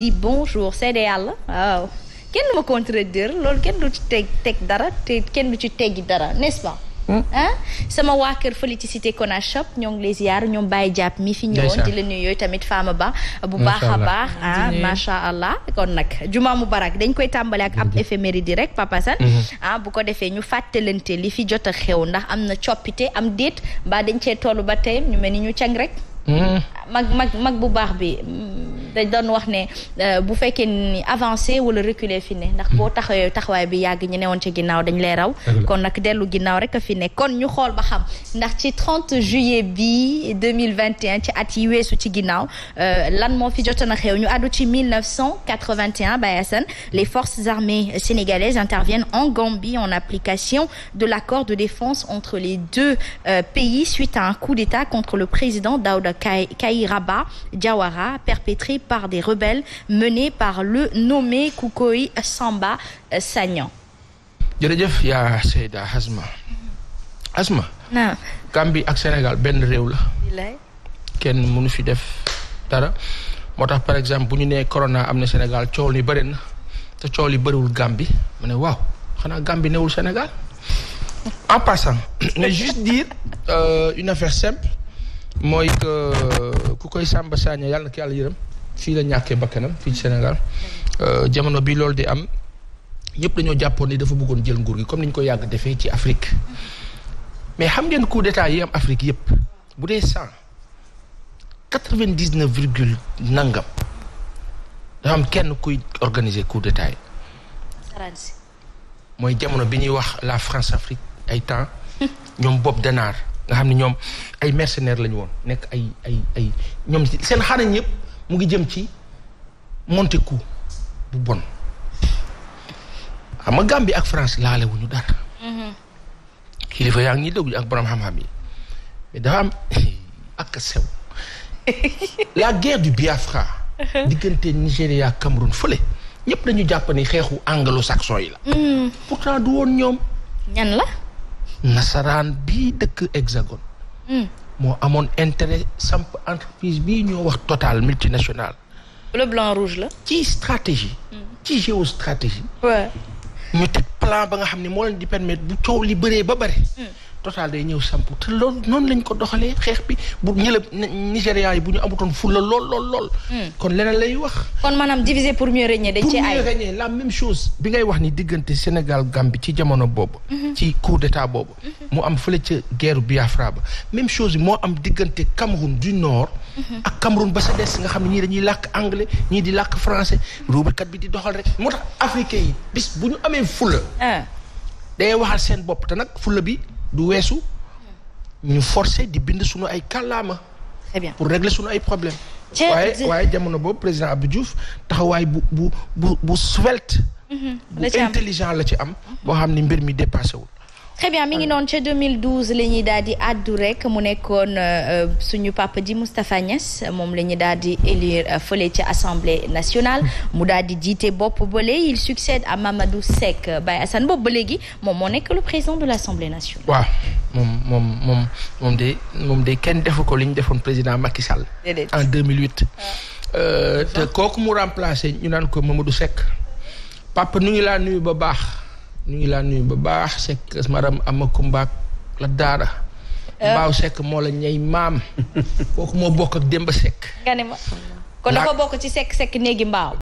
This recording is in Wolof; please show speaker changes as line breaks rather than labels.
di bonjour seede yàlla waaw kenn du ma contredire loolu kenn du ci teg teg dara te kenn du ci teggi dara n'est-ce pas hmm. sama waa kër fa li ci cité Konachop ñoo ngi lay ziar ñoom Baye Diap mi fi ñëwoon di la yooyu tamit Fama Ba bu baax a baax ah macha allah kon nag juma mubarak dañ koy tàmbale ak am ab di rek Papa Sane mhm. ah bu ko defee ñu fàttalante li fi jot a xew ndax am na coppite am déet mbaa dañ cee toll ba tey ñu mel ni ñu cang rek mhm. mag mag mag bu baax bi dañ doon wax ne euh, bu fekkee ni avancé wala reculer fi ne ndax boo taxawee taxawaay bi yàgg ñu newoon ci ginnaaw dañ lay raw kon nag dellu ginnaaw rek a fi ne kon ñu xool ba xam ndax ci 30 juillet bi 2021 ci at yi weesu ci ginnaaw euh, lan moo fi jotoon a xew ñu àddu ci 1981 Baye Assane les forces armées sénégalaises interviennent en Gambie en application de l'accord de défense entre les deux euh, pays suite à un coup d'État contre le président Daouda Kairaba Jawara perpétré par des rebelles menés par le nommé Koukoy Samba euh, Sagnan.
jërëjëf yaa Seyda Asma Asma. naam. Gambie ak Sénégal benn réew la. kenn mënu fi def dara moo tax par exemple bu ñu nee corona am na Sénégal coow li bëri na te coow yi bëriwul Gambie mu ne waaw xanaa Gambie newul Sénégal. en passant mais juste dire euh, une affaire simple mooy que ku koy Samba Sagna yàlla na ko yàlla yërëm. fii la ñàkkee bakkanam fii ci Sénégal euh, jamono bi loolu de am ñëpp dañoo jàppoon ni dafa bëggoon jël nguur gi comme ni ñu ko yàgg defee ci Afrique mais xam ngeen coup d'état yi am Afrique yëpp bu dee cent quatre-vingt-dix-neuf virgule nangam dafa am kenn kuy organiser coup d'état yi mooy jamono bi ñuy wax la France Afrique ay temps ñoom Bob Denard nga xam ne ñoom ay mercenaires lañu woon nekk ay ay ay ñoom seen xarañ yëpp. mu ngi jëm ci monte coup bu bon xam nga Gambie ak France laale wuñu dara. Mhm. kilifa yaa ngi ñuy déglu ak borom xam-xam yi mais dafa am ak sew la guerre du Biafra. Mhm. diggante Nigéria Cameroun fële ñëpp dañu jàpp ni xeexu anglo-saxon yi la. Mhm. pourtant du woon ñoom. ñan la. nasaraan bii dëkk hexagone. moo amoon intérêt samp entreprise bii ñoo wax Total multinationale. le blanc rouge la. ci stratégie. Mm. ci géostratégie. ñu teg plan ba nga xam ne moo leen di permettre bu coow li bëree ba bëri. total day ñëw samp te loolu noonu lañ ko doxalee xeex bi bu ñële Nigéria yi bu ñu amutoon fulla lool lool lool. Hmm. kon leneen lay wax. kon maanaam
diviser pour mieux régner dañ ci ay.
la même chose. bi ngay wax ni diggante Sénégal Gambie ci jamono boobu. Mhm. ci coup d'état boobu. Mhm. mu am fële ca guerre Biafra ba même chose bi moo am diggante Cameroun du nord. Mhm. ak Cameroun ba sa des nga xam ne ñii dañuy làkk anglais ñii di làkk français ruubekat bi di doxal rek moo tax africain yi bis bu ñu amee fulla. Ah. day waxal seen bopp te nag fulla bi. du weesu ñu forcé di bind suñu ay kàllaama. très pour régler suñu ay problèmes waaye waaye jamono boobu président Abdou Diouf taxawaay bu bu bu bu svelte
mhm. bu intelligent
la ci am boo xam ni mbir mi dépassé wul
très bien mi ngi noonu ca 2012 la ñuy daal di àddu rek mu nekkoon euh, euh, suñu papa ji Moustapha Niass moom la ñuy daal di élire euh, fële ci assemblée nationale mu daal di jiite bopp bële il succède à Mamadou Seck Baye Assane bopp ba léegi moom moo nekk le président de l' assemblée nationale.
waaw moom moom moom moom de moom de kenn defu ko li ñu defoon président Macky Sall. en 2008. Ah. te kooku mu remplacé ñu naan ko Mamadou Seck papa nu ngi laa nuyu ba baax. ñu ngi laa nuyu ba baax sekk maram ama kumbaak la daara euh. mbaaw sekk moo la ñey maam kooku moo bokk ak démb sekk nga ne ma kon dafa
bokk ci sekk sekk néegi mbaaw